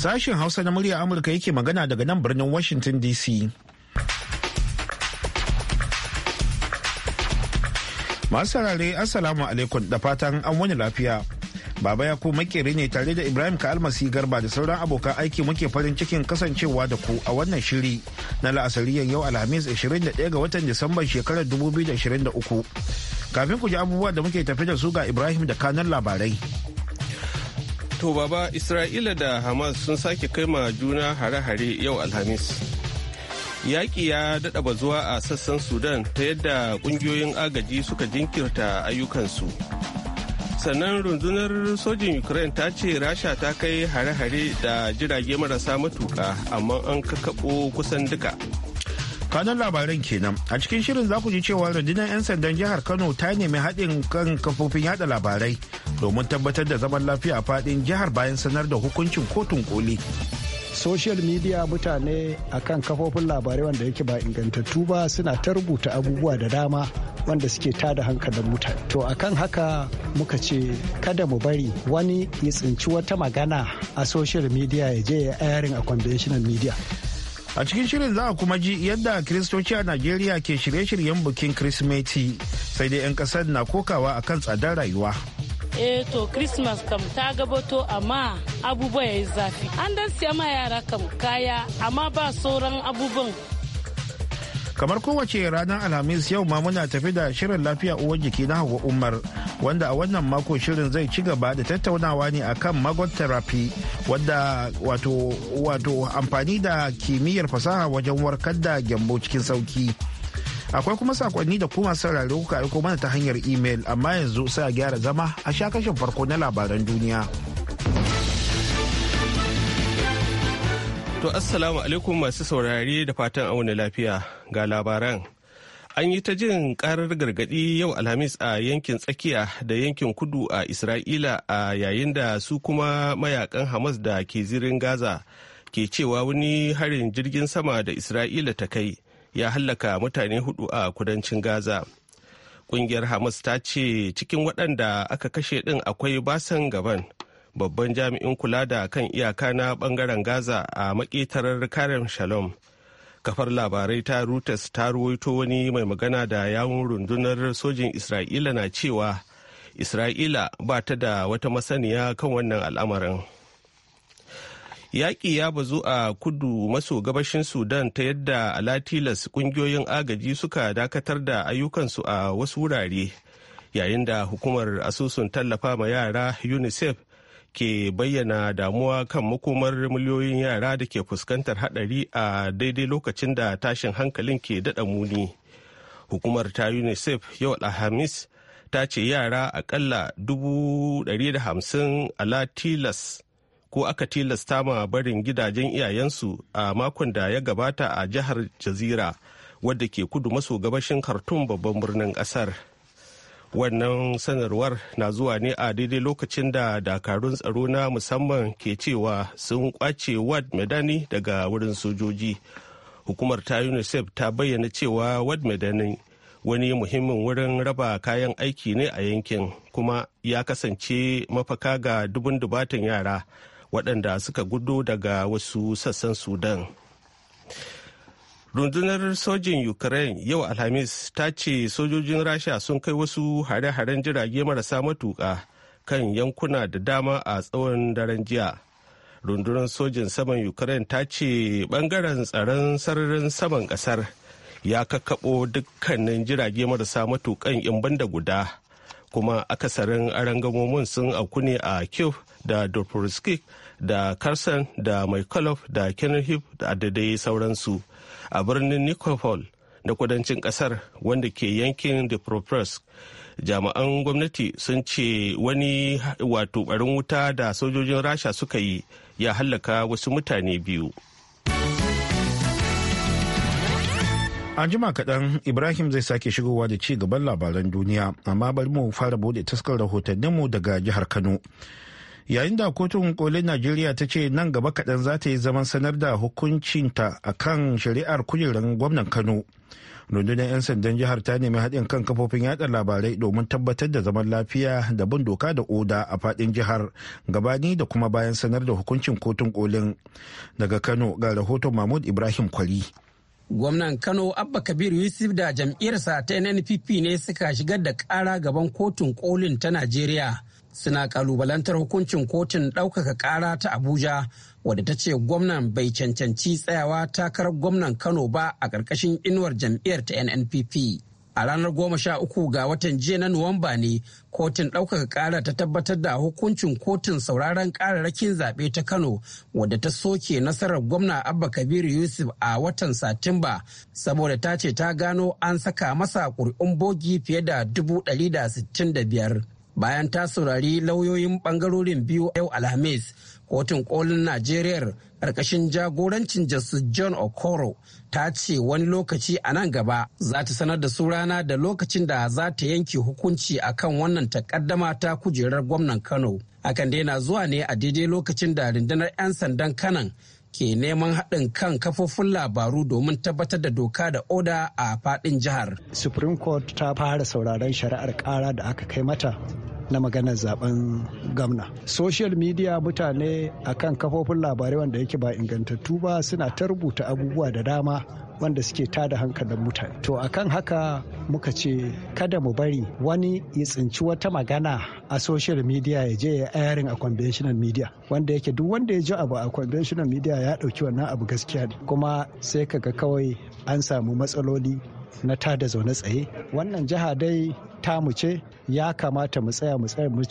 Sashen Hausa na murya Amurka yake magana daga nan birnin Washington DC. Masu sarare Assalamu alaikum da fatan an wani lafiya. Baba ya ku makere ne tare da Ibrahim Ka'almasi Garba da sauran abokan aiki muke farin cikin kasancewa da ku a wannan shiri na la'asariyar yau Alhamis 21 ga watan Disamban shekarar 2023. Kafin ku ji abubuwa da muke tafi da su ga Ibrahim da kanan labarai. To baba Isra'ila da Hamas sun sake kai ma juna hare-hare yau Alhamis. Yaƙi ya daɗa bazuwa a sassan Sudan ta yadda ƙungiyoyin agaji suka jinkirta ayyukansu. Sannan rundunar sojin Ukraine ta ce Rasha ta kai hare-hare da jirage marasa matuka amma an kakaɓo kusan duka. kanan labaran kenan a cikin shirin za ku ji cewa rundunar 'yan sandan jihar kano ta nemi haɗin kan kafofin yada labarai domin tabbatar da zaman lafiya a fadin jihar bayan sanar da hukuncin kotun koli. social media mutane akan kafofin labarai wanda yake ba ingantattu ba suna ta rubuta abubuwa da dama wanda suke tada hankalin mutane to akan haka muka ce kada mu bari wani ya tsinci wata magana a social media ya je ya ayarin a conventional media a cikin shirin za a kuma ji yadda kiristoci a najeriya ke shirye-shiryen bukin kirsimeti sai dai 'yan kasar na kokawa akan tsadar rayuwa eh to christmas kam ta gabato amma abubuwa ya yi zafi an dan siya ma yara kam kaya amma ba sauran abubuwan kamar kowace ranar alhamis yau ma muna tafi da shirin lafiya uwar jiki na hawa umar wanda a wannan mako shirin zai ci gaba da tattaunawa ne akan magot therapy wadda wato wato amfani da kimiyyar fasaha wajen warkar da gyambo cikin sauki akwai kuma sakonni da kuma saurare kuka aiko mana ta hanyar imel amma yanzu sai a gyara zama a sha kashin farko na labaran duniya to assalamu alaikum masu saurare da fatan auna lafiya ga labaran an yi ta jin karar gargadi yau alhamis a yankin tsakiya da yankin kudu a isra'ila a yayin da su kuma mayakan hamas da ke zirin gaza ke cewa wani harin jirgin sama da isra'ila ta kai ya hallaka mutane hudu a kudancin gaza kungiyar hamas ta ce cikin waɗanda aka kashe ɗin akwai basan gaban babban jami'in kula da kan iyaka na bangaren gaza a maƙetarar karen shalom kafar labarai ta reuters ta ruwaito wani mai magana da yawun rundunar sojin isra'ila na cewa isra'ila ba ta da wata masaniya kan wannan al'amarin. yaƙi ya bazu a kudu maso gabashin sudan ta yadda alatilas ƙungiyoyin agaji suka dakatar da ayyukansu a wasu wurare yayin da hukumar asusun tallafa ma yara unicef ke bayyana damuwa kan makomar miliyoyin yara da ke fuskantar hadari a daidai lokacin da tashin hankalin ke daɗa muni hukumar ta unicef yau alhamis ta ce yara akalla 150 a latilas ko aka tilasta ma barin gidajen iyayensu a makon da ya gabata a jihar jazira wadda ke kudu maso gabashin khartoum babban birnin kasar wannan sanarwar na zuwa ne a daidai lokacin da dakarun tsaro na musamman ke cewa sun kwace wad medani daga wurin sojoji hukumar ta unicef ta bayyana cewa wad medani wani muhimmin wurin raba kayan aiki ne a yankin kuma ya kasance mafaka ga dubun dubatan yara waɗanda suka gudo daga wasu sassan sudan rundunar sojin ukraine yau alhamis ta ce sojojin rasha sun kai wasu hare-haren jirage marasa matuƙa kan yankuna da dama a tsawon daren jiya rundunar sojin saman ukraine ta ce bangaren tsaron sararin saman ƙasar ya kakkaɓo dukkanin jirage marasa matuƙan in banda guda kuma akasarin arangamomin sun auku ne a kyiv da dostoevsky da carson da maikolof da kenneth da dai sauransu a birnin nicopol na kudancin kasar wanda ke yankin dnipropetrovsk jami'an gwamnati sun ce wani wato barin wuta da sojojin rasha suka yi ya hallaka wasu mutane biyu an jima kaɗan ibrahim zai sake shigowa da ci gaban labaran duniya amma bari mu fara bude taskar rahotanninmu daga jihar kano yayin da kotun kolin najeriya ta ce nan gaba kaɗan za ta yi zaman sanar da hukuncinta a kan shari'ar kujerar gwamnan kano rundunar 'yan sandan jihar ta nemi haɗin kan kafofin yada labarai domin tabbatar da zaman lafiya da bin doka da oda a faɗin jihar gabani da kuma bayan sanar da hukuncin kotun kolin daga kano ga rahoton mahmud ibrahim kwali gwamnan kano abba kabir yusuf da jam'iyyarsa ta nnpp ne suka shigar da kara gaban kotun kolin ta najeriya suna kalubalantar hukuncin kotun ɗaukaka ƙara ta abuja wadda ta ce gwamnan bai cancanci tsayawa takarar gwamnan kano ba a ƙarƙashin inuwar jam'iyyar ta nnpp a ranar goma sha uku ga watan jiya na nuwamba ne kotun ɗaukaka ƙara ta tabbatar da hukuncin kotun sauraron ƙararrakin zaɓe ta kano wadda ta soke nasarar gwamna abba kabir yusuf a watan satimba saboda ta ce ta gano an saka masa ƙuri'un bogi fiye da dubu ɗari da sittin da biyar bayan ta saurari lauyoyin bangarorin biyu yau alhamis kotun kolin najeriya ƙarƙashin jagorancin justice john okoro ta ce wani lokaci a nan gaba za ta sanar da su rana da lokacin da za ta yanke hukunci a kan wannan takaddama ta kujerar gwamnan kano akan na zuwa ne a daidai lokacin da rundunar 'yan sandan kanan ke neman haɗin kan kafofin labaru domin tabbatar da doka da oda a faɗin jihar. Supreme Court ta fara sauraron shari'ar ƙara da aka kai mata na maganar zaben gamna. Social media mutane akan kafofin labarai wanda yake ba ingantattu ba suna ta rubuta abubuwa da dama wanda suke tada hankalin mutane to akan haka muka ce kada mu bari wani ya tsinci wata magana a social media ya je ya ayarin a conventional media wanda yake duk wanda ya ji abu a conventional media ya ɗauki wannan abu gaskiya ne kuma sai kaga kawai an samu matsaloli na tada zaune tsaye wannan jiha dai ta ce ya kamata mu tsaya mu tsaya mu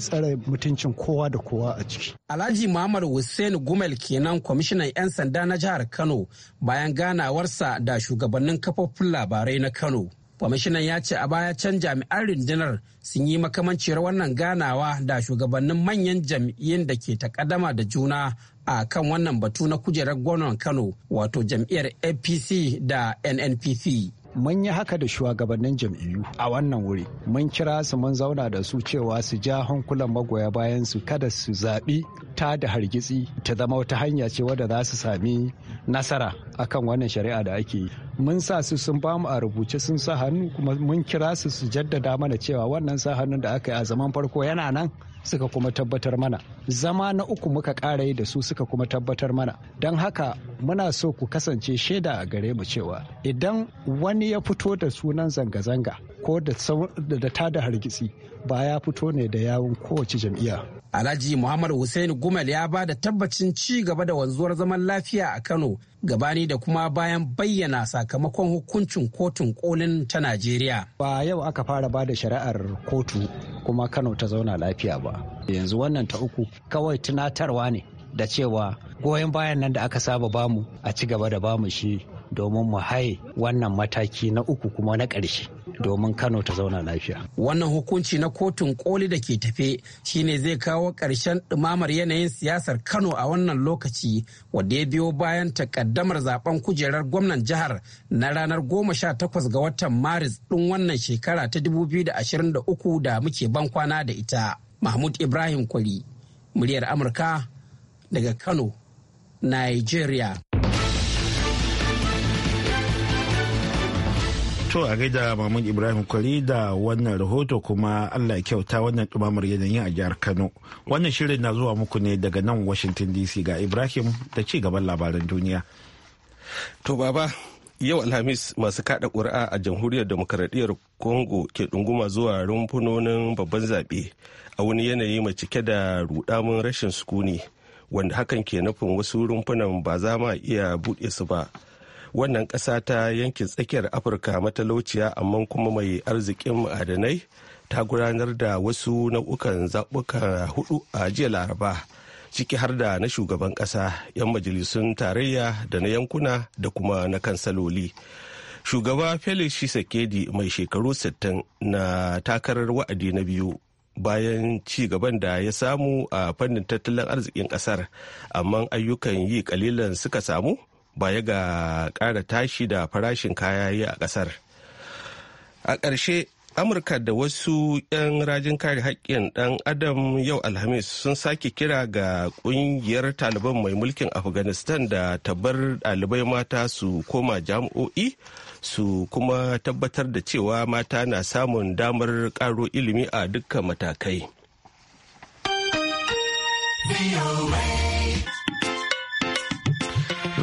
tsare mutuncin kowa da kowa a ciki. Alhaji Muhammad Hussein Gumel kenan kwamishinan 'yan sanda na jihar Kano bayan ganawarsa da shugabannin kafofin labarai na Kano. kwamishinan ya ce a baya can jami'an rundunar sun yi makamancewar wannan ganawa da shugabannin manyan jam'iyyun da ke takaddama da juna a kan wannan batu na kujerar gwamnan kano wato jam'iyyar apc da nnpp mun yi haka da shugabannin jam'iyyu a wannan wuri mun kira su mun zauna da su cewa su ja hankulan magoya bayan su kada su zaɓi ta da hargitsi ta zama wata hanya ce wadda za su sami nasara akan wannan shari'a da ake yi mun sa su sun ba mu a rubuce sun sa hannu kuma mun kira su su jaddada mana cewa wannan sa hannun da aka yi a zaman farko yana nan suka kuma tabbatar mana zama na uku muka ƙara yi da su suka kuma tabbatar mana don haka muna so ku kasance shaida a gare mu cewa idan wani wani ya fito da sunan zanga-zanga ko da ta da hargitsi ba ya fito ne da yawon kowace jam'iyya. Alhaji Muhammad Hussein gumel ya ba da tabbacin ci gaba da wanzuwar zaman lafiya a Kano gabani da kuma bayan bayyana sakamakon hukuncin kotun kolin ta Najeriya. Ba yau aka fara ba da shari'ar kotu kuma Kano ta zauna lafiya ba. Yanzu wannan ta uku kawai tunatarwa ne da cewa goyon bayan nan da aka saba bamu a ci gaba da bamu shi domin mu haye wannan mataki na uku kuma na ƙarshe domin Kano ta zauna lafiya. Wannan hukunci na kotun koli da ke tafe shine zai kawo ƙarshen ɗumamar yanayin siyasar Kano a wannan lokaci wadda ya biyo bayan takaddamar zaben kujerar gwamnan jihar na ranar 18 ga watan Maris ɗin wannan shekara ta 2023 da muke ban kwana da ita. Mahmud Ibrahim Kwari, muryar Amurka daga Kano, Nigeria. To a gaida Mahmud Ibrahim Kwari da wannan rahoto kuma Allah kyauta wannan dumamar yanayi a jihar Kano. Wannan shirin na zuwa muku ne daga nan Washington DC ga Ibrahim da ci gaban labaran duniya. To baba yau Alhamis masu kada ƙuri'a a jamhuriyar demokaradiyyar Congo ke ɗunguma zuwa rumfunonin babban zaɓe a wani yanayi mai cike da rudamin rashin sukuni wanda hakan ke nufin wasu rumfunan ba za ma iya buɗe su ba. wannan ƙasa ta yankin tsakiyar afirka matalauciya amma kuma mai arzikin ma'adanai ta gudanar da wasu nau'ukan zaɓuka hudu a jiya laraba ciki har da na shugaban ƙasa 'yan majalisun tarayya da na yankuna da kuma na kansaloli shugaba felix shisekedi mai shekaru 60 na takarar wa'adi na biyu bayan ci gaban da ya samu a fannin tattalin arzikin kasar amma ayyukan yi kalilan suka samu baya ga kara tashi da farashin kayayi a kasar a ƙarshe amurka da wasu 'yan rajin kare haƙƙin ɗan adam yau alhamis sun sake kira ga ƙungiyar taliban mai mulkin afghanistan da tabbar ɗalibai mata su koma jami'o'i su kuma tabbatar da cewa mata na samun damar ƙaro ilimi a dukkan matakai.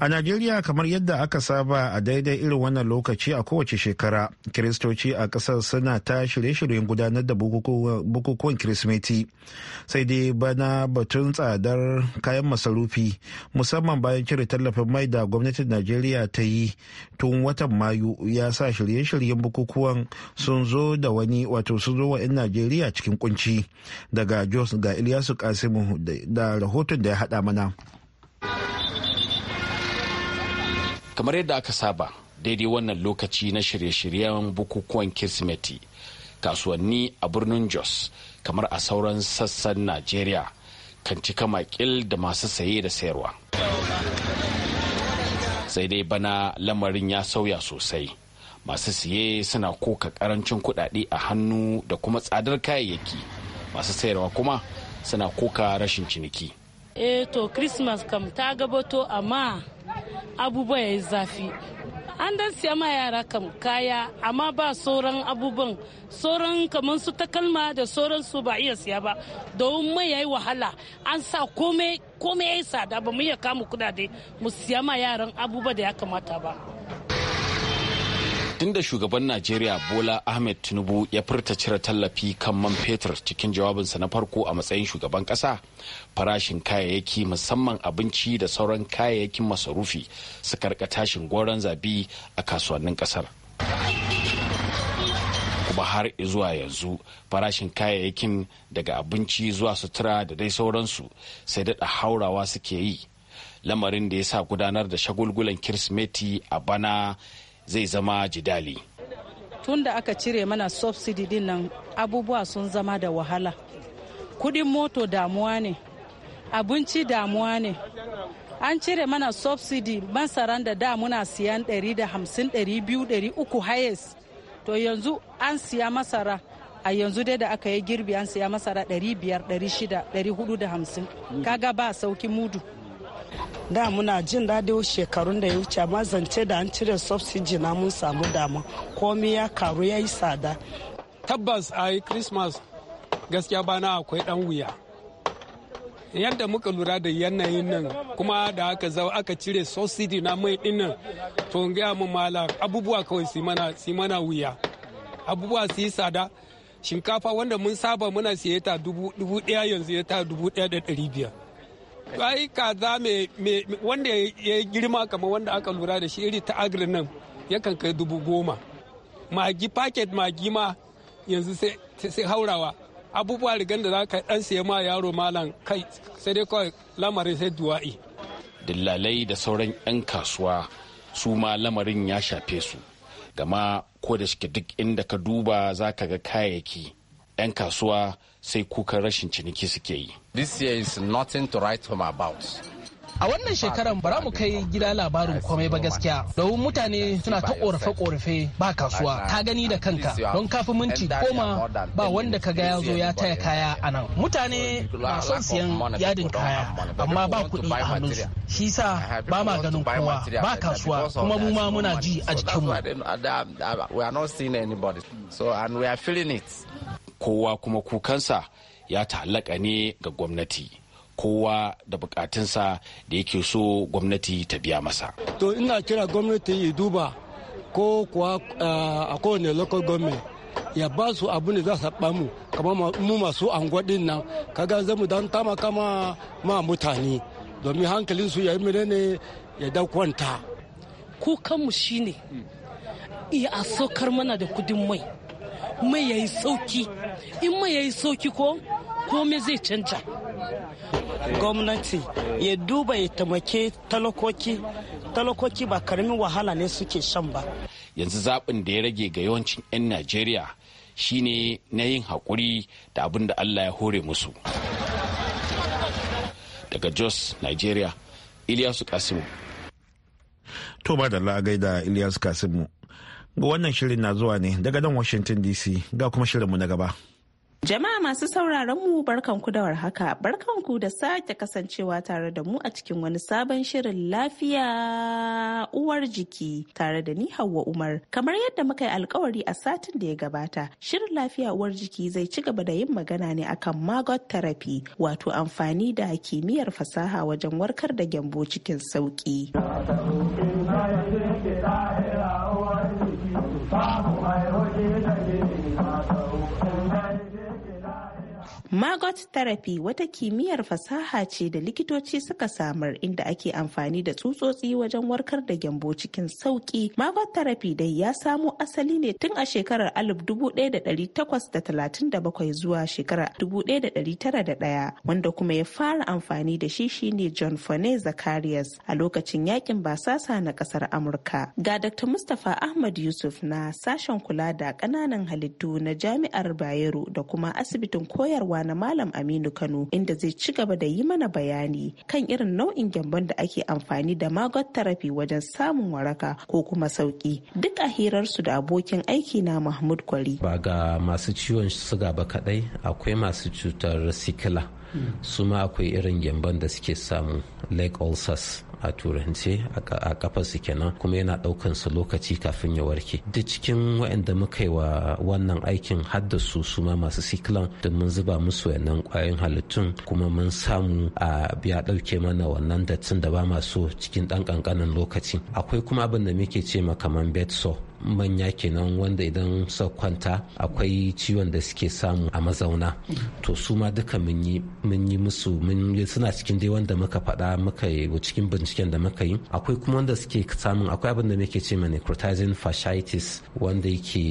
A Najeriya kamar yadda aka saba a daidai irin wannan lokaci a kowace shekara, Kiristoci a ƙasar suna ta shirye-shiryen gudanar da bukukuwan Kirismeti. Sai dai bana batun tsadar kayan masarufi, musamman bayan cire tallafin mai da gwamnatin Najeriya ta yi tun watan Mayu ya sa shirye-shiryen bukukuwan sun zo da wani wato sun zo wa 'yan Najeriya cikin kunci. Daga Jos ga Ilyasu Kasimu da rahoton da ya haɗa mana. kamar yadda aka saba daidai wannan lokaci na shirye-shiryen bukukuwan kirsimeti kasuwanni a birnin jos kamar a sauran sassan najeriya kan cika makil da masu saye da sayarwa sai dai bana lamarin ya sauya sosai masu siye suna koka karancin kudade a hannu da kuma tsadar kayayyaki masu sayarwa kuma suna koka rashin ciniki eh to christmas kam ta gabato amma abubuwa ya yi zafi an dan siya ma yara kam kaya amma ba sauran abubuwan sauran kamar su takalma da sauran su ba iya siya ba domin mai yi wahala an sa komai komai yi tsada ba mu iya kama kudade mu siya ma yaran abubuwa da ya kamata ba tun da shugaban najeriya bola ahmed tinubu ya furta cire tallafi kan man fetur cikin jawabinsa na farko a matsayin shugaban kasa farashin kayayyaki musamman abinci da sauran kayayyakin masarufi suka rika tashin goron zabi a kasuwannin kasar kuma har zuwa yanzu farashin kayayyakin daga abinci zuwa sutura da dai sauransu sai daɗa haurawa suke yi lamarin da ya sa gudanar da shagulgulan kirsimeti a bana zai zama jidali tun da aka cire mana subsidy din nan abubuwa sun zama da wahala kudin moto damuwa ne abinci damuwa ne an cire mana subsidy masaran da da muna siyan 150-200-300 hayes to yanzu an siya masara a yanzu dai da aka yi girbi an siya masara 500-600-450 kaga ba sauki mudu da muna jin daɗi shekarun da ya wuce amma zance da an cire subsidy na mun samu dama komai ya karu ya yi tsada tabbas a yi christmas gaskiya bana akwai dan wuya yadda muka lura da yanayin nan kuma da aka zau aka cire subsidy na mai dinnan to gaya mu mala abubuwa kawai si mana wuya abubuwa su yi tsada shinkafa wanda mun saba muna siye ta dubu daya yanzu ya ta dubu daya da dari biyar ai kaza mai wanda ya girma kamar wanda aka lura da shi iri ta agri nan yakan kai dubu goma magi paket magi ma yanzu sai haurawa abubuwa rigan da za ka ɗan siya ma yaro malam kai sai dai kawai lamarin sai duwa'i dillalai da sauran 'yan kasuwa su ma lamarin ya shafe su gama ko da shike duk inda ka duba za ka ga kayayyaki 'yan kasuwa sai kukan rashin ciniki suke yi. This year is nothing to write home about. A wannan shekaran bara mu kai gida labarin komai ba gaskiya domin mutane suna ta korafe-korafe ba kasuwa ta gani da kanka don kafin minti koma ba wanda ka ga ya zo ya taya kaya a nan. Mutane na son siyan yadin kaya amma ba kuɗi a hannunsu shi sa ba ma ganin kowa ba kasuwa kuma mu ma muna ji a jikinmu. kowa kuma kukansa ya ta'allaka ne ga gwamnati kowa da bukatunsa da yake so gwamnati ta biya masa to ina kira gwamnati ya duba ko kuwa a kowane local government ya ba su abu ne za su mu kamar mu masu angwadin nan kaga zamu dan tama kama ma mutane domin hankalinsu ya yi ne ya da kwanta. kukanmu shine iya a saukar mana da kudin mai mai ya yi sauki in ma ya yi soki ko kome zai canja gwamnati ya duba ya taimake talakoki talakoki ba karamin wahala ne suke shan ba yanzu zaɓin da ya rage ga yawancin 'yan najeriya shine na yin haƙuri da abin da allah ya hore musu daga jos nigeria iliyasu kasimu to ba da la'agai da iliyasu kasimu Wannan shirin na zuwa ne daga nan Washington DC ga kuma shirinmu na gaba. Jama'a masu sauraron mu barkanku da warhaka, barkanku da sake kasancewa tare da mu a cikin wani sabon shirin lafiya uwar jiki tare da ni hawa Umar. Kamar yadda muka yi alkawari a satin da ya gabata, shirin lafiya uwar jiki zai ci gaba da yin magana ne akan magot therapy, wato amfani da kimiyyar fasaha wajen warkar da gyambo cikin sauki. Father. Magot therapy wata kimiyyar fasaha ce da likitoci suka samar inda ake amfani da tsutsotsi wajen warkar da gyambo cikin sauki. maggot therapy dai ya samo asali ne tun a shekarar 1837 zuwa shekarar 1901 wanda kuma ya fara amfani da shi shine John Fone Zacharias a lokacin yakin basasa na kasar Amurka. Ga Dr. Mustapha Ahmad Yusuf na sashen kula da ƙananan halittu na Jami'ar Bayero da kuma asibitin koyarwa na Malam Aminu Kano inda zai ci gaba da yi mana bayani kan irin nau'in gyambon da ake amfani da magot therapy wajen samun waraka ko kuma sauki duk a hirarsu da abokin aiki na Mahmud Kwari. Ba ga masu ciwon suga ba kadai akwai masu cutar sikila. Hmm. suma akwai irin gyambon da suke samu lake ulcers a turance a kafar su kenan kuma yana daukan su lokaci kafin ya warke duk cikin waɗanda muka yi wa wannan aikin haddasu su ma masu siklan da mun zuba musu wannan kwayoyin halittun kuma mun samu a biya dauke mana wannan dattin da ba so cikin dan kankanin lokaci akwai kuma abin da muke ce kamar bed manya kenan wanda idan sa kwanta akwai ciwon da suke samu a mazauna to su ma duka mun yi musu suna cikin dai wanda muka faɗa muka yi cikin binciken da muka yi akwai kuma wanda suke samun akwai abin da muke ce necrotizing fasciitis wanda yake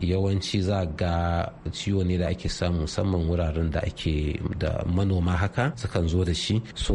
yawanci za ga ciwo ne da ake samu musamman wuraren da ake da manoma haka sukan zo da shi so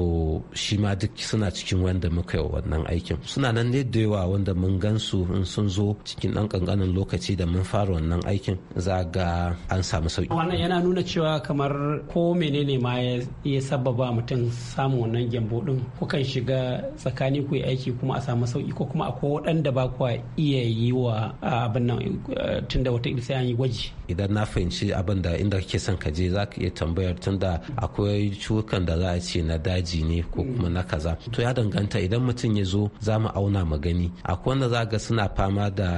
shi ma duk suna cikin wanda muka yi wannan aikin suna nan ne da yawa wanda mun gan su in sun zo cikin ɗan ƙanƙanin lokaci da mun fara wannan aikin za ga an samu sauki. wannan yana nuna cewa kamar ko menene ma ya sababa mutum samun wannan gyambo ɗin kukan shiga tsakani ku yi aiki kuma a samu sauki ko kuma akwai waɗanda ba kuwa iya yi wa abin nan eh, tunda wata sai an yi gwaji. idan na fahimci abin da inda kake son ka je za ka iya tambayar tunda akwai cukan da za a ce na daji ne ko kuma na kaza to ya danganta idan mutum ya zo za mu auna mu gani akwai wanda za ga suna fama da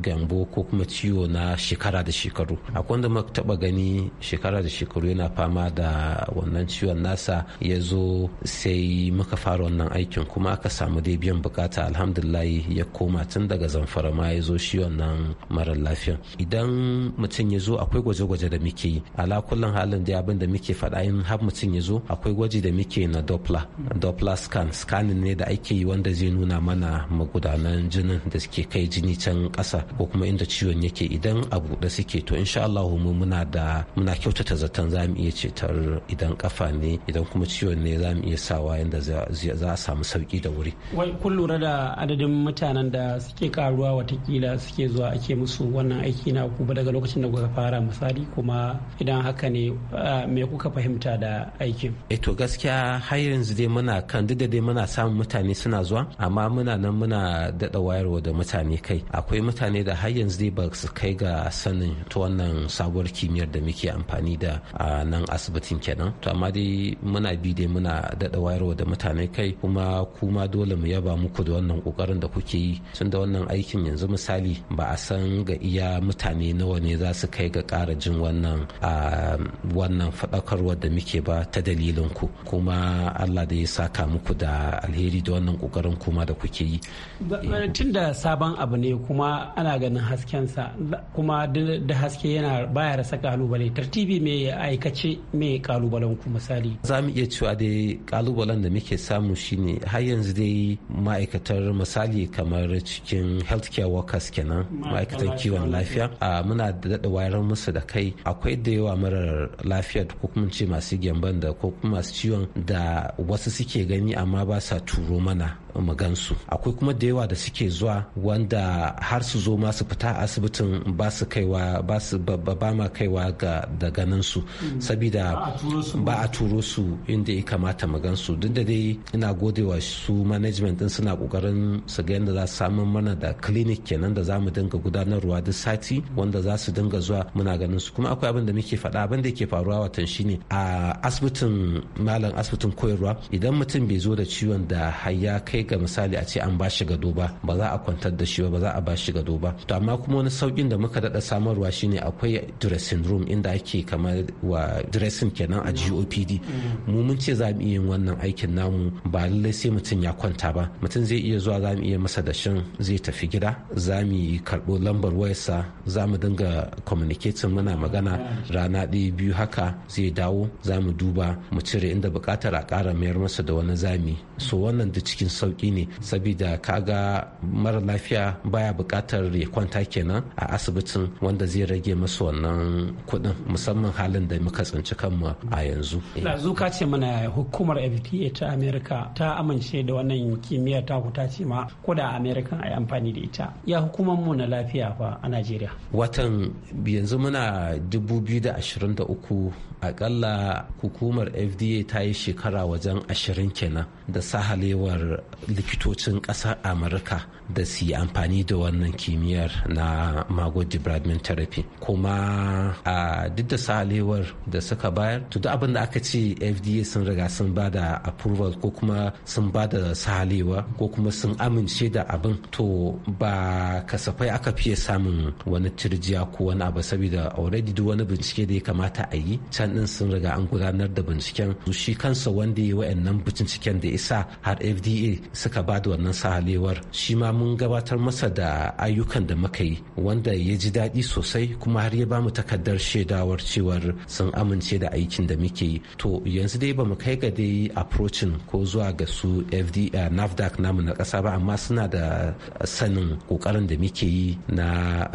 gambo ko kuma ciwo na shekara da shekaru akwai wanda muka taba gani shekara da shekaru yana fama da wannan ciwon nasa ya zo sai muka fara wannan aikin kuma aka samu dai biyan bukata alhamdulillah ya koma tun daga zamfara ma ya zo shi wannan mara lafiya idan mutum mutum ya zo akwai gwaje-gwaje da muke yi ala kullum halin dai abin da muke faɗa in har mutum ya zo akwai gwaji da muke na doppler doppler scan scanning ne da ake yi wanda zai nuna mana magudanan jinin da suke kai jini can ƙasa ko kuma inda ciwon yake idan a buɗe suke to insha Allah mu muna da muna kyautata zaton za mu iya cetar idan ƙafa ne idan kuma ciwon ne za mu iya sawa yadda za a samu sauki da wuri. Wai kun lura da adadin mutanen da suke karuwa watakila suke zuwa ake musu wannan aiki na ku daga lokacin da kuka fara misali kuma idan haka ne me kuka fahimta da aikin eh to gaskiya har yanzu dai muna kan duk da dai muna samun mutane suna zuwa amma muna nan muna daɗa wayarwa da mutane kai akwai mutane da har yanzu dai ba su kai ga sanin ta wannan sabuwar kimiyyar da muke amfani da a nan asibitin kenan to amma dai muna bi dai muna daɗa wayarwa da mutane kai kuma kuma dole mu yaba muku da wannan kokarin da kuke yi tunda wannan aikin yanzu misali ba a san ga iya mutane nawa ne za su kai ga ƙara jin wannan wannan faɗakarwar da muke ba ta dalilin ku kuma allah da ya saka muku da alheri da wannan kokarin kuma da kuke yi tun da sabon abu ne kuma ana ganin haskensa kuma da haske yana baya rasa kalubale tartibi mai aikace mai kalubalen ku misali za mu iya cewa dai kalubalen da muke samu shine har yanzu dai ma'aikatar misali kamar cikin healthcare workers kenan ma'aikatar kiwon lafiya muna Da wayar musu da kai akwai da yawa marar lafiyar ko kuma ce masu gyamban da ko kuma masu ciwon da wasu suke gani amma ba sa turo mana mu akwai kuma da yawa da suke zuwa wanda har su zo ma su fita asibitin ba su kaiwa ba su ba ma kaiwa ga da ganin hmm. su saboda ba a turo su inda ya kamata mu gansu duk da dai ina godewa su management din suna kokarin su ga yadda za su samu mana da clinic kenan da za mu dinga gudanarwa duk sati wanda za su dinga dinga zuwa muna ganin su kuma akwai abin da muke faɗa abin da yake faruwa watan shine a asibitin malam asibitin koyarwa idan mutum bai zo da ciwon da har kai ga misali a ce an ba shi gado ba ba za a kwantar da shi ba ba za a ba shi gado ba to amma kuma wani sauƙin da muka daɗa samarwa shine akwai dressing room inda ake kamar wa dressing kenan a GOPD mu mun ce za mu iya yin wannan aikin namu ba lallai sai mutum ya kwanta ba mutum zai iya zuwa za mu iya masa dashin zai tafi gida za mu karɓo lambar wayarsa za mu dinga communicating muna magana rana ɗaya biyu haka zai dawo za mu duba mu cire inda buƙatar a ƙara mayar masa da wani zami so wannan da cikin sauƙi ne saboda kaga mara lafiya baya buƙatar ya kwanta kenan a asibitin wanda zai rage masa wannan kuɗin musamman halin da muka tsinci kanmu a yanzu. Yanzu eh. ka ce mana hukumar FDA ta Amerika ta amince da wannan kimiyyar ta ta ce ma ko da amerika a yi amfani da ita. Ya hukumar mu na lafiya fa a Najeriya. Watan yanzu muna 2023 akalla hukumar fda ta yi shekara wajen ashirin kenan da sahalewar likitocin ƙasar amurka da su yi amfani da wannan kimiyyar na mago debridement therapy kuma a duk da sahalewar da suka bayar to duk abin da aka ce fda sun riga sun ba da approval ko kuma sun ba da sahalewa ko kuma sun amince da abin to ba kasafai aka fiye samun wani turjiya ko wani abu saboda already duk wani bincike da ya kamata a yi can din sun riga an gudanar da binciken shi kansa wanda ya wa'annan binciken da isa har fda suka ba da wannan sahalewar shi ma mun gabatar masa da ayyukan da muka yi wanda ya ji daɗi sosai kuma har ya ba mu takardar shaidawar cewar sun amince da aikin da muke yi to yanzu dai ba mu kai ga dai approachin ko zuwa ga su fda eh, nafdac namu na ƙasa ba amma suna da sanin ƙoƙarin da muke yi na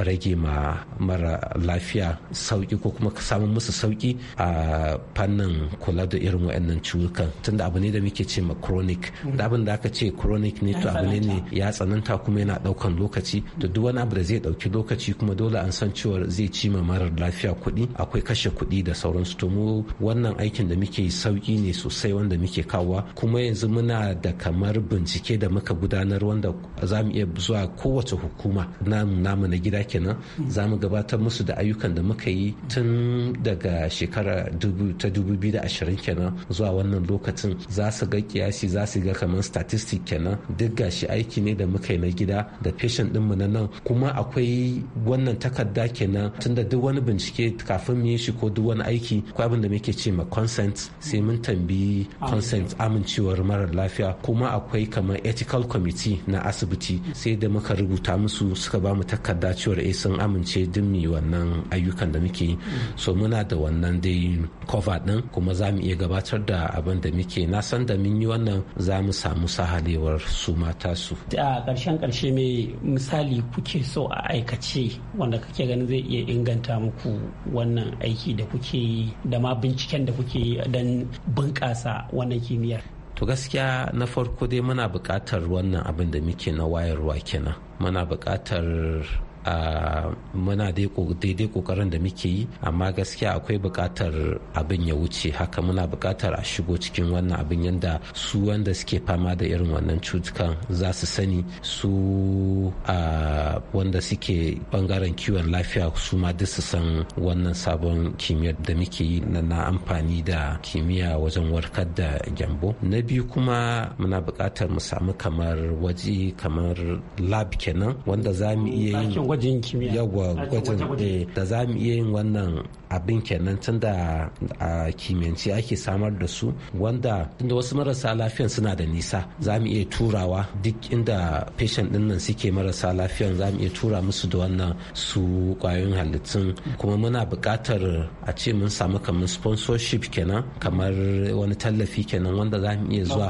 rage ma mara lafiya sauki ko kuma samun musu sauki a ah, a fannin kula da irin waɗannan ciwukan tunda abu ne da muke ce ma chronic da abin da aka ce chronic ne to abu ne ne ya tsananta kuma yana ɗaukan lokaci to duk wani abu da zai ɗauki lokaci kuma dole an san cewa zai ci ma marar lafiya kuɗi akwai kashe kuɗi da sauransu to mu wannan aikin da muke sauki ne sosai wanda muke kawa kuma yanzu muna da kamar bincike da muka gudanar wanda za mu iya zuwa kowace hukuma namu na gida kenan za mu gabatar musu da ayyukan da muka yi tun daga shekara shekara ta 2020 kenan zuwa wannan lokacin za su ga kiyasi za su ga kamar statistic kenan duk gashi aiki ne da muka yi na gida da patient ɗinmu na nan kuma akwai wannan takarda kenan tunda duk wani bincike kafin mu yi shi ko duk wani aiki ko abin da muke ce ma consent sai mun tambayi consent amincewar mara lafiya kuma akwai kamar ethical committee na asibiti sai da muka rubuta musu suka ba mu takarda cewar eh sun amince duk mu wannan ayyukan da muke yi so muna da wannan dai shi din kuma za mu iya gabatar da abin da muke na san da mun yi wannan za mu samu sahalewar su mata su a ƙarshen ƙarshe mai misali kuke so a aikace wanda kake ganin zai iya inganta muku wannan aiki da kuke yi da ma binciken da kuke yi don bunƙasa wannan kimiyyar to gaskiya na farko dai muna buƙatar wannan abin da muke na wayarwa kenan muna buƙatar muna daidai kokarin da muke yi amma gaskiya akwai bukatar abin ya wuce haka muna bukatar a shigo cikin wannan abin yadda su wanda suke fama da irin wannan cutukan za su sani su wanda suke bangaren kiwon lafiya su ma duk su san wannan sabon kimiyyar da muke yi na amfani da kimiyya wajen warkar da gyambo na biyu kuma muna bukatar mu samu kamar waje kamar lab kenan wanda za mu iya gwajin kimiyya yawwa gwajin eh, da za mu iya yin wannan abin kenan tun da a kimiyyance ake samar da su wanda tunda wasu marasa lafiyan suna da nisa za mu iya turawa duk inda patient din nan suke marasa lafiyan za mu iya tura musu da wannan su kwayoyin halittun kuma muna buƙatar a ce mun samu kamar sponsorship kenan kamar wani tallafi kenan wanda za mu iya zuwa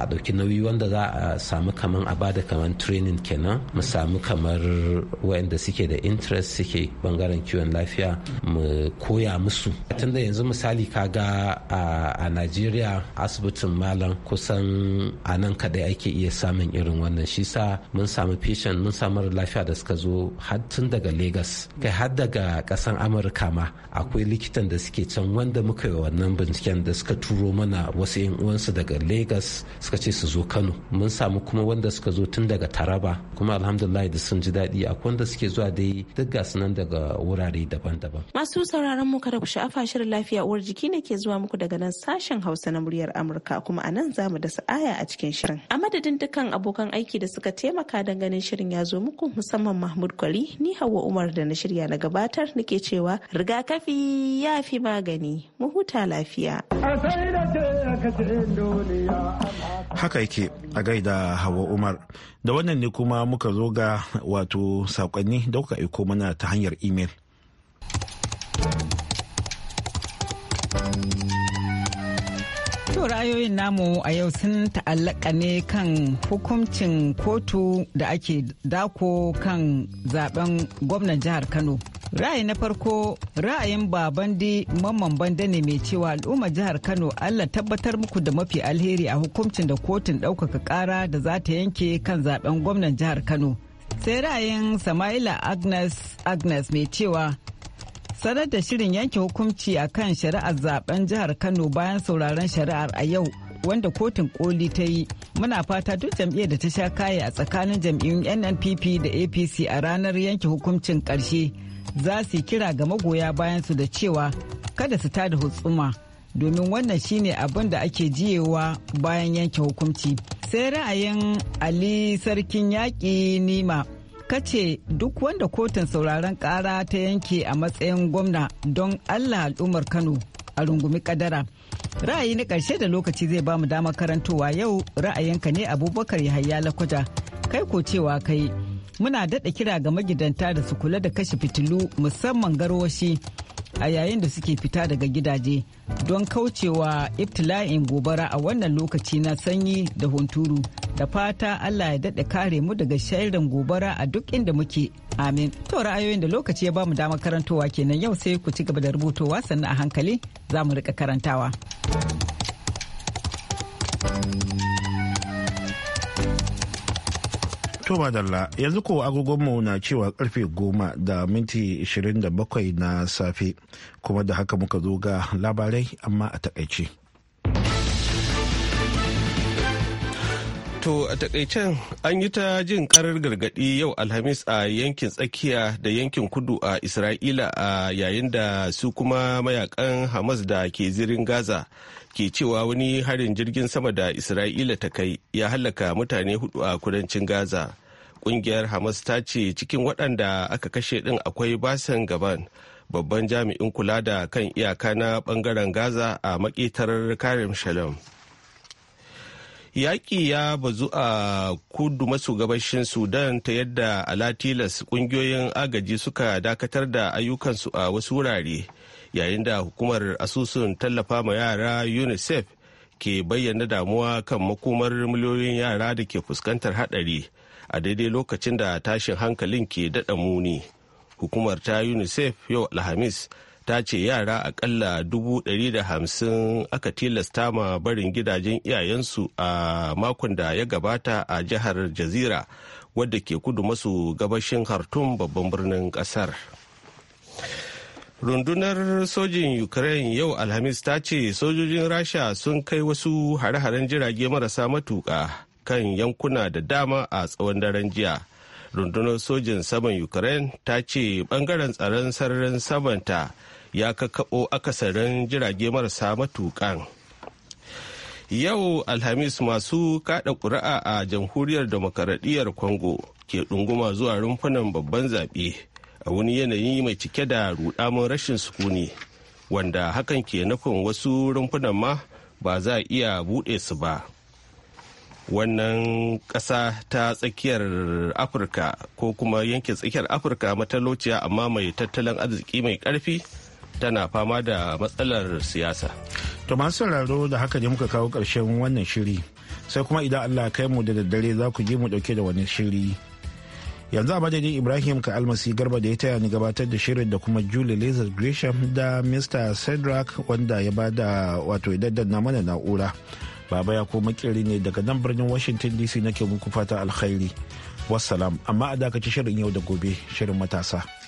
a ɗauki nauyi wanda za a samu kamar a bada kamar training kenan mu samu kamar waɗanda suke da interest suke bangaren kiwon lafiya mu koya musu tun da yanzu misali kaga a najeriya asibitin malam kusan a nan kadai ake iya samun irin wannan shi sa mun samu patient mun samu lafiya da suka zo har tun daga lagos kai har daga kasan amurka ma akwai likitan da suke can wanda muka yi wannan binciken da suka turo mana wasu yan uwansu daga lagos suka ce su zo kano mun samu kuma wanda suka zo tun daga taraba kuma alhamdulillah da sun ji daɗi akwai wanda suke zuwa dai duk gasu nan daga wurare daban-daban Masu sauraron mu kada ku sha'afa shirin lafiya uwar jiki ne ke zuwa muku daga nan sashen Hausa na muryar Amurka kuma a nan za mu dasa aya a cikin shirin. A madadin dukkan abokan aiki da suka taimaka don ganin shirin ya zo muku musamman Mahmud Kwari ni Hauwa Umar da na shirya na gabatar nake cewa rigakafi ya fi magani mu huta lafiya. Haka yake a gaida Hauwa Umar da wannan ne kuma muka zo ga wato sakonni da kuka aiko mana ta hanyar imel. To ra'ayoyin namu a yau sun ta'allaka ne kan hukuncin kotu da ake dako kan zaben gwamnan jihar Kano. Ra'ayi na farko ra'ayin babandi mamman banda ne mai cewa al'ummar jihar Kano Allah tabbatar muku da mafi alheri a hukuncin da kotun ɗaukaka ƙara da za ta yanke kan zaben gwamnan jihar Kano. Sai ra'ayin Sama'ila Agnes Agnes mai cewa sanar da shirin yanke hukunci a kan shari'ar zaben jihar kano bayan sauraron shari'ar a yau wanda kotun koli ta yi muna fata duk jam'iyyar da ta sha kaye a tsakanin jam'iyyun nnpp da apc a ranar yanke hukuncin karshe za su kira ga magoya bayan su da cewa kada su tada hutsuma domin wannan shine abin da ake jiyewa bayan yanke hukunci sai ra'ayin ali sarkin yaƙi nima ka ce duk wanda kotun sauraron kara ta yanke a matsayin gwamna don allah al'ummar kano a rungumi kadara ra'ayi na ƙarshe da lokaci zai bamu dama karantowa yau ra'ayinka ne abubakar yahaya lakwaja kai ko cewa kai muna daɗa kira ga magidanta da su kula da kashe fitilu musamman garwashi a yayin da suke fita daga gidaje don kaucewa iftila'in gobara a wannan lokaci na sanyi da hunturu da fata allah ya daɗe kare mu daga shairin gobara a duk inda muke amin to ra'ayoyin da lokaci ya bamu mu damar karantowa kenan yau sai ku ci gaba da rubutowa sannan a hankali za mu rika karantawa. To madalla yanzu ko agogonmu na cewa karfe goma da minti 27 na safe kuma da haka muka zo ga labarai amma a takaice. To a takaicen an yi ta jin karar gargadi yau Alhamis a yankin tsakiya da yankin kudu a Isra'ila a yayin da su kuma mayakan Hamas da ke zirin Gaza ke cewa wani harin jirgin sama da Isra'ila ta kai ya hallaka mutane hudu a kudancin Gaza. Kungiyar Hamas ta ce cikin waɗanda aka kashe ɗin akwai basan gaban babban jami'in kula da kan iyaka na ɓangaren Gaza a maƙetar Karim Shalom. yaƙi ya bazu a kudu maso gabashin sudan ta yadda alatilas ƙungiyoyin agaji suka dakatar da ayyukansu a wasu wurare yayin da hukumar asusun tallafa ma yara unicef ke bayyana damuwa kan makomar miliyoyin yara da ke fuskantar hadari a daidai lokacin da tashin hankalin ke daɗa muni hukumar ta unicef yau alhamis ta ce yara akalla hamsin aka tilasta ma barin gidajen iyayensu a makon da ya gabata a jihar jazira wadda ke kudu masu gabashin hartun babban birnin kasar rundunar sojin ukraine yau alhamis ta ce sojojin rasha sun kai wasu hare-haren jirage marasa matuka kan yankuna da dama a tsawon daren jiya rundunar sojin saman ukraine ta ce bangaren tsaron sararin samanta ya kakkaɓo akasarin jirage marasa matuƙan. Yau Alhamis masu kaɗa ƙuri'a a jamhuriyar demokaradiyyar Congo ke ɗunguma zuwa rumfunan babban zaɓe a wani yanayi mai cike da rudamin rashin sukuni wanda hakan ke nufin wasu rumfunan ma ba za a iya buɗe su ba. wannan ƙasa ta tsakiyar afirka ko kuma yankin tsakiyar afirka matalociya amma mai tattalin arziki mai ƙarfi tana fama da matsalar siyasa. To masu sauraro da haka ne muka kawo ƙarshen wannan shiri sai kuma idan Allah kai mu da daddare za ku je mu ɗauke da wani shiri. Yanzu a madadin Ibrahim ka almasi garba da ya taya ni gabatar da shirin da kuma Julie Lazar Gresham da Mr. Cedric wanda ya ba da wato na mana na'ura. Baba ya ko makiri ne daga nan birnin Washington DC nake muku fata alkhairi. Wassalam amma a dakaci shirin yau da gobe shirin matasa.